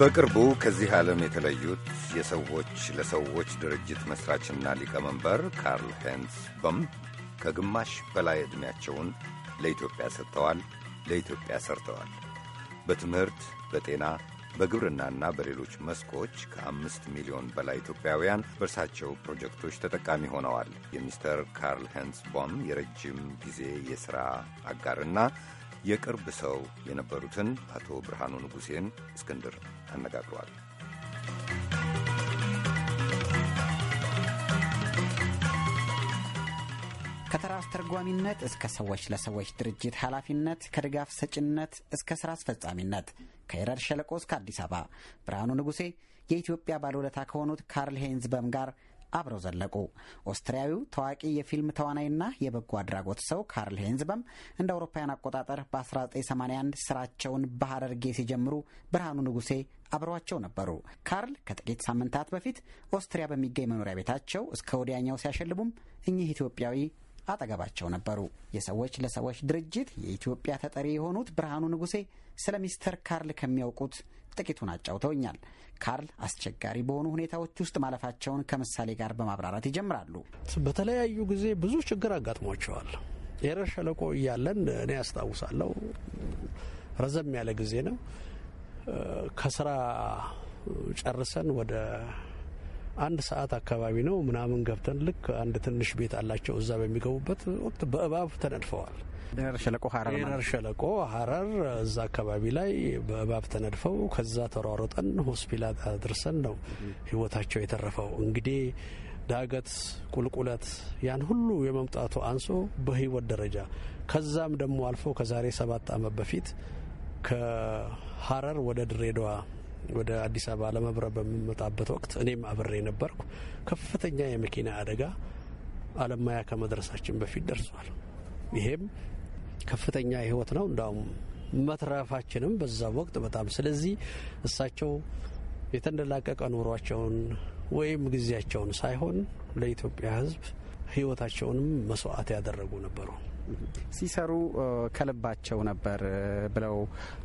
በቅርቡ ከዚህ ዓለም የተለዩት የሰዎች ለሰዎች ድርጅት መሥራችና ሊቀመንበር ካርል ሄንስ በም ከግማሽ በላይ ዕድሜያቸውን ለኢትዮጵያ ሰጥተዋል፣ ለኢትዮጵያ ሰርተዋል። በትምህርት፣ በጤና በግብርናና በሌሎች መስኮች ከአምስት ሚሊዮን በላይ ኢትዮጵያውያን በእርሳቸው ፕሮጀክቶች ተጠቃሚ ሆነዋል። የሚስተር ካርል ሄንስ ቦም የረጅም ጊዜ የሥራ አጋርና የቅርብ ሰው የነበሩትን አቶ ብርሃኑ ንጉሴን እስክንድር አነጋግሯል። አስተርጓሚነት እስከ ሰዎች ለሰዎች ድርጅት ኃላፊነት ከድጋፍ ሰጭነት እስከ ስራ አስፈጻሚነት ከይረድ ሸለቆ እስከ አዲስ አበባ ብርሃኑ ንጉሴ የኢትዮጵያ ባለውለታ ከሆኑት ካርል ሄንዝ በም ጋር አብረው ዘለቁ። ኦስትሪያዊው ታዋቂ የፊልም ተዋናይና የበጎ አድራጎት ሰው ካርል ሄንዝበም እንደ አውሮፓውያን አቆጣጠር በ1981 ስራቸውን በሐረርጌ ሲጀምሩ ብርሃኑ ንጉሴ አብረዋቸው ነበሩ። ካርል ከጥቂት ሳምንታት በፊት ኦስትሪያ በሚገኝ መኖሪያ ቤታቸው እስከ ወዲያኛው ሲያሸልቡም እኚህ ኢትዮጵያዊ አጠገባቸው ነበሩ። የሰዎች ለሰዎች ድርጅት የኢትዮጵያ ተጠሪ የሆኑት ብርሃኑ ንጉሴ ስለ ሚስተር ካርል ከሚያውቁት ጥቂቱን አጫውተውኛል። ካርል አስቸጋሪ በሆኑ ሁኔታዎች ውስጥ ማለፋቸውን ከምሳሌ ጋር በማብራራት ይጀምራሉ። በተለያዩ ጊዜ ብዙ ችግር አጋጥሟቸዋል። የረር ሸለቆ እያለን እኔ ያስታውሳለሁ። ረዘም ያለ ጊዜ ነው። ከስራ ጨርሰን ወደ አንድ ሰዓት አካባቢ ነው ምናምን ገብተን ልክ አንድ ትንሽ ቤት አላቸው እዛ በሚገቡበት ወቅት በእባብ ተነድፈዋል። ሸለቆ ሸለቆ ሀረር እዛ አካባቢ ላይ በእባብ ተነድፈው ከዛ ተሯሮጠን ሆስፒታል አድርሰን ነው ህይወታቸው የተረፈው። እንግዲህ ዳገት ቁልቁለት ያን ሁሉ የመምጣቱ አንሶ በህይወት ደረጃ ከዛም ደግሞ አልፎ ከዛሬ ሰባት ዓመት በፊት ከሀረር ወደ ድሬዳዋ ወደ አዲስ አበባ ለመብረር በሚመጣበት ወቅት እኔም አብሬ ነበርኩ። ከፍተኛ የመኪና አደጋ አለማያ ከመድረሳችን በፊት ደርሷል። ይሄም ከፍተኛ ህይወት ነው። እንዳውም መትረፋችንም በዛ ወቅት በጣም ስለዚህ እሳቸው የተንደላቀቀ ኑሯቸውን ወይም ጊዜያቸውን ሳይሆን ለኢትዮጵያ ህዝብ ህይወታቸውንም መስዋዕት ያደረጉ ነበሩ። ሲሰሩ ከልባቸው ነበር ብለው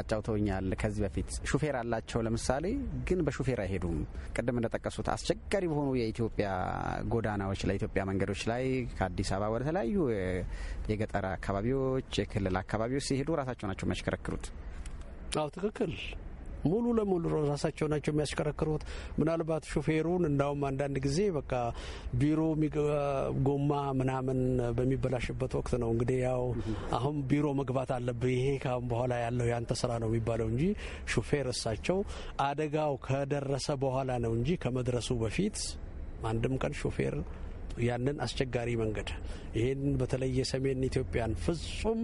አጫውተውኛል። ከዚህ በፊት ሹፌር አላቸው ለምሳሌ፣ ግን በሹፌር አይሄዱም። ቅድም እንደጠቀሱት አስቸጋሪ በሆኑ የኢትዮጵያ ጎዳናዎች ላይ ኢትዮጵያ መንገዶች ላይ ከአዲስ አበባ ወደ ተለያዩ የገጠር አካባቢዎች፣ የክልል አካባቢዎች ሲሄዱ ራሳቸው ናቸው የሚያሽከረክሩት። አዎ ትክክል ሙሉ ለሙሉ ራሳቸው ናቸው የሚያሽከረክሩት። ምናልባት ሹፌሩን እንዳውም አንዳንድ ጊዜ በቃ ቢሮ ጎማ ምናምን በሚበላሽበት ወቅት ነው እንግዲህ ያው አሁን ቢሮ መግባት አለብህ ይሄ ካሁን በኋላ ያለው ያንተ ስራ ነው የሚባለው እንጂ ሹፌር እሳቸው አደጋው ከደረሰ በኋላ ነው እንጂ ከመድረሱ በፊት አንድም ቀን ሾፌር ያንን አስቸጋሪ መንገድ ይህን በተለይ የሰሜን ኢትዮጵያን ፍጹም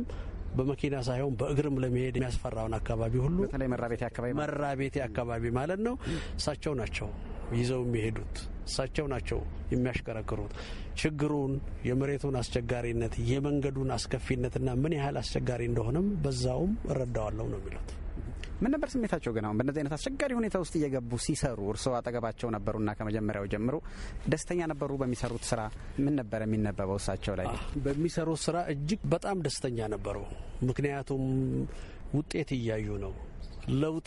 በመኪና ሳይሆን በእግርም ለመሄድ የሚያስፈራውን አካባቢ ሁሉ በተለይ መራቤቴ አካባቢ ማለት ነው እሳቸው ናቸው ይዘው የሚሄዱት እሳቸው ናቸው የሚያሽከረክሩት። ችግሩን፣ የመሬቱን አስቸጋሪነት፣ የመንገዱን አስከፊነትና ምን ያህል አስቸጋሪ እንደሆነም በዛውም እረዳዋለሁ ነው የሚሉት። ምን ነበር ስሜታቸው ግን አሁን በእነዚህ አይነት አስቸጋሪ ሁኔታ ውስጥ እየገቡ ሲሰሩ እርስዎ አጠገባቸው ነበሩና ከመጀመሪያው ጀምሮ ደስተኛ ነበሩ በሚሰሩት ስራ ምን ነበር የሚነበበው እሳቸው ላይ በሚሰሩት ስራ እጅግ በጣም ደስተኛ ነበሩ ምክንያቱም ውጤት እያዩ ነው ለውጥ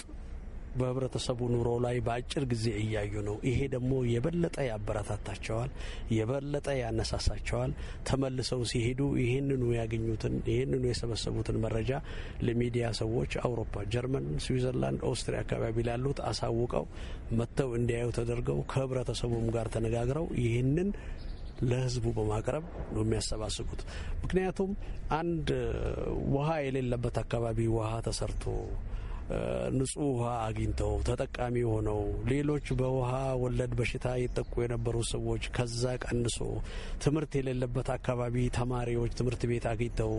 በህብረተሰቡ ኑሮ ላይ በአጭር ጊዜ እያዩ ነው። ይሄ ደግሞ የበለጠ ያበረታታቸዋል፣ የበለጠ ያነሳሳቸዋል። ተመልሰው ሲሄዱ ይህንኑ ያገኙትን ይህንኑ የሰበሰቡትን መረጃ ለሚዲያ ሰዎች አውሮፓ፣ ጀርመን፣ ስዊዘርላንድ፣ ኦስትሪያ አካባቢ ላሉት አሳውቀው መጥተው እንዲያዩ ተደርገው ከህብረተሰቡም ጋር ተነጋግረው ይህንን ለህዝቡ በማቅረብ ነው የሚያሰባስቡት። ምክንያቱም አንድ ውሃ የሌለበት አካባቢ ውሃ ተሰርቶ ንጹህ ውሃ አግኝተው ተጠቃሚ ሆነው ሌሎች በውሃ ወለድ በሽታ የጠቁ የነበሩ ሰዎች ከዛ ቀንሶ ትምህርት የሌለበት አካባቢ ተማሪዎች ትምህርት ቤት አግኝተው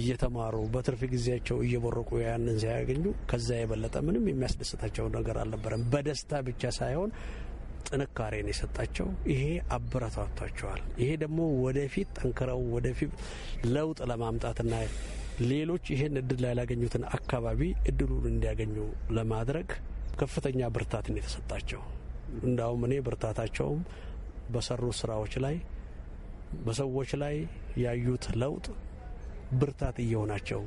እየተማሩ በትርፍ ጊዜያቸው እየቦረቁ ያንን ሲያገኙ ከዛ የበለጠ ምንም የሚያስደስታቸው ነገር አልነበረም። በደስታ ብቻ ሳይሆን ጥንካሬን የሰጣቸው ይሄ አበረታቷቸዋል። ይሄ ደግሞ ወደፊት ጠንክረው ወደፊት ለውጥ ለማምጣትና ሌሎች ይሄን እድል ያላገኙትን አካባቢ እድሉን እንዲያገኙ ለማድረግ ከፍተኛ ብርታትን የተሰጣቸው እንዳውም እኔ ብርታታቸውም በሰሩ ስራዎች ላይ በሰዎች ላይ ያዩት ለውጥ ብርታት እየሆናቸው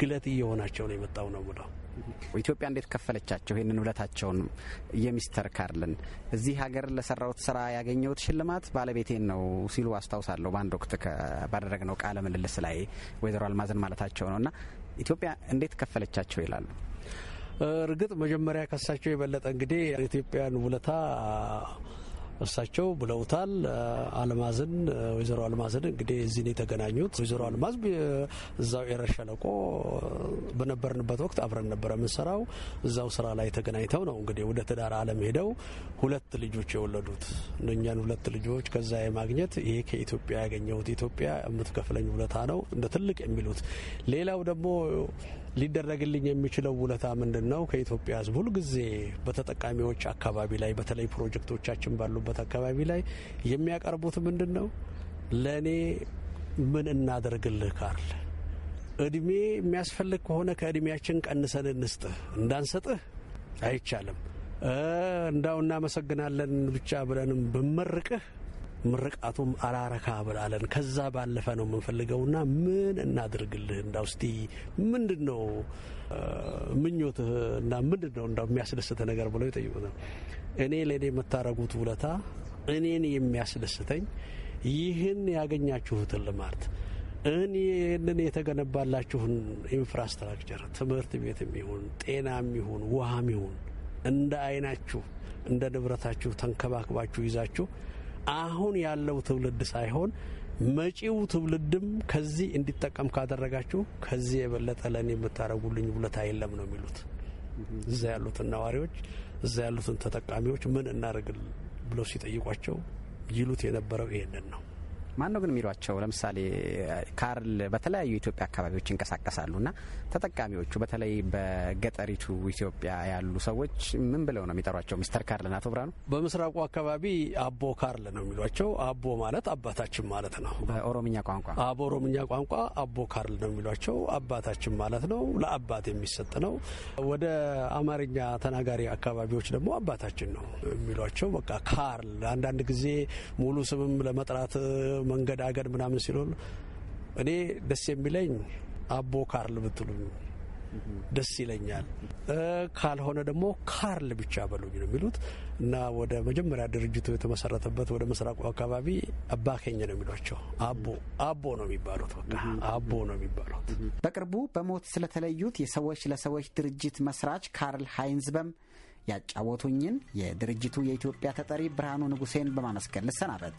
ግለት እየሆናቸው ነው የመጣው ነው ብለው ኢትዮጵያ እንዴት ከፈለቻቸው ይህንን ውለታቸውን? የሚስተር ካርልን እዚህ ሀገር ለሰራሁት ስራ ያገኘሁት ሽልማት ባለቤቴን ነው ሲሉ አስታውሳለሁ። በአንድ ወቅት ባደረግነው ቃለ ምልልስ ላይ ወይዘሮ አልማዝን ማለታቸው ነው እና ኢትዮጵያ እንዴት ከፈለቻቸው ይላሉ። እርግጥ መጀመሪያ ከሳቸው የበለጠ እንግዲህ ኢትዮጵያን ውለታ እርሳቸው ብለውታል። አልማዝን ወይዘሮ አልማዝን እንግዲህ እዚህ ነው የተገናኙት። ወይዘሮ አልማዝ እዛው ኤረ ሸለቆ በነበርንበት ወቅት አብረን ነበረ የምንሰራው። እዛው ስራ ላይ ተገናኝተው ነው እንግዲህ ወደ ትዳር አለም ሄደው ሁለት ልጆች የወለዱት። እነኛን ሁለት ልጆች ከዛ የማግኘት ይሄ ከኢትዮጵያ ያገኘሁት ኢትዮጵያ የምትከፍለኝ ውለታ ነው እንደ ትልቅ የሚሉት ሌላው ደግሞ ሊደረግልኝ የሚችለው ውለታ ምንድን ነው? ከኢትዮጵያ ሕዝብ ሁልጊዜ በተጠቃሚዎች አካባቢ ላይ በተለይ ፕሮጀክቶቻችን ባሉበት አካባቢ ላይ የሚያቀርቡት ምንድን ነው? ለእኔ ምን እናደርግልህ ካርል እድሜ የሚያስፈልግ ከሆነ ከእድሜያችን ቀንሰን እንስጥህ፣ እንዳንሰጥህ አይቻልም። እንዳው እናመሰግናለን ብቻ ብለንም ብመርቅህ ምርቃቱም አላረካ ብላለን። ከዛ ባለፈ ነው የምንፈልገውና ምን እናድርግልህ እንዳው እስቲ ምንድን ነው ምኞትህ እና ምንድን ነው እንዳው የሚያስደስተ ነገር ብለው ይጠይቁታል። እኔ ለእኔ የምታረጉት ውለታ እኔን የሚያስደስተኝ ይህን ያገኛችሁትን ልማት እኔ ይህንን የተገነባላችሁን ኢንፍራስትራክቸር ትምህርት ቤት የሚሆን ጤና የሚሆን ውሃ የሚሆን እንደ አይናችሁ እንደ ንብረታችሁ ተንከባክባችሁ ይዛችሁ አሁን ያለው ትውልድ ሳይሆን መጪው ትውልድም ከዚህ እንዲጠቀም ካደረጋችሁ ከዚህ የበለጠ ለእኔ የምታደርጉልኝ ውለታ የለም ነው የሚሉት። እዛ ያሉትን ነዋሪዎች፣ እዛ ያሉትን ተጠቃሚዎች ምን እናደርግል ብለው ሲጠይቋቸው ይሉት የነበረው ይሄንን ነው። ማን ነው ግን የሚሏቸው? ለምሳሌ ካርል በተለያዩ ኢትዮጵያ አካባቢዎች ይንቀሳቀሳሉ እና ተጠቃሚዎቹ በተለይ በገጠሪቱ ኢትዮጵያ ያሉ ሰዎች ምን ብለው ነው የሚጠሯቸው? ሚስተር ካርል አቶ ብርሃኑ በምስራቁ አካባቢ አቦ ካርል ነው የሚሏቸው። አቦ ማለት አባታችን ማለት ነው በኦሮምኛ ቋንቋ። በኦሮምኛ ቋንቋ አቦ ካርል ነው የሚሏቸው። አባታችን ማለት ነው። ለአባት የሚሰጥ ነው። ወደ አማርኛ ተናጋሪ አካባቢዎች ደግሞ አባታችን ነው የሚሏቸው። በቃ ካርል አንዳንድ ጊዜ ሙሉ ስምም ለመጥራት መንገድ አገር ምናምን ሲሉ እኔ ደስ የሚለኝ አቦ ካርል ብትሉኝ ደስ ይለኛል። ካልሆነ ደግሞ ካርል ብቻ በሉኝ ነው የሚሉት እና ወደ መጀመሪያ ድርጅቱ የተመሰረተበት ወደ ምስራቁ አካባቢ አባከኝ ነው የሚሏቸው። አቦ አቦ ነው የሚባሉት። በቃ አቦ ነው የሚባሉት። በቅርቡ በሞት ስለተለዩት የሰዎች ለሰዎች ድርጅት መስራች ካርል ሃይንዝበም ያጫወቱኝን የድርጅቱ የኢትዮጵያ ተጠሪ ብርሃኑ ንጉሴን በማመስገን ልሰናበት።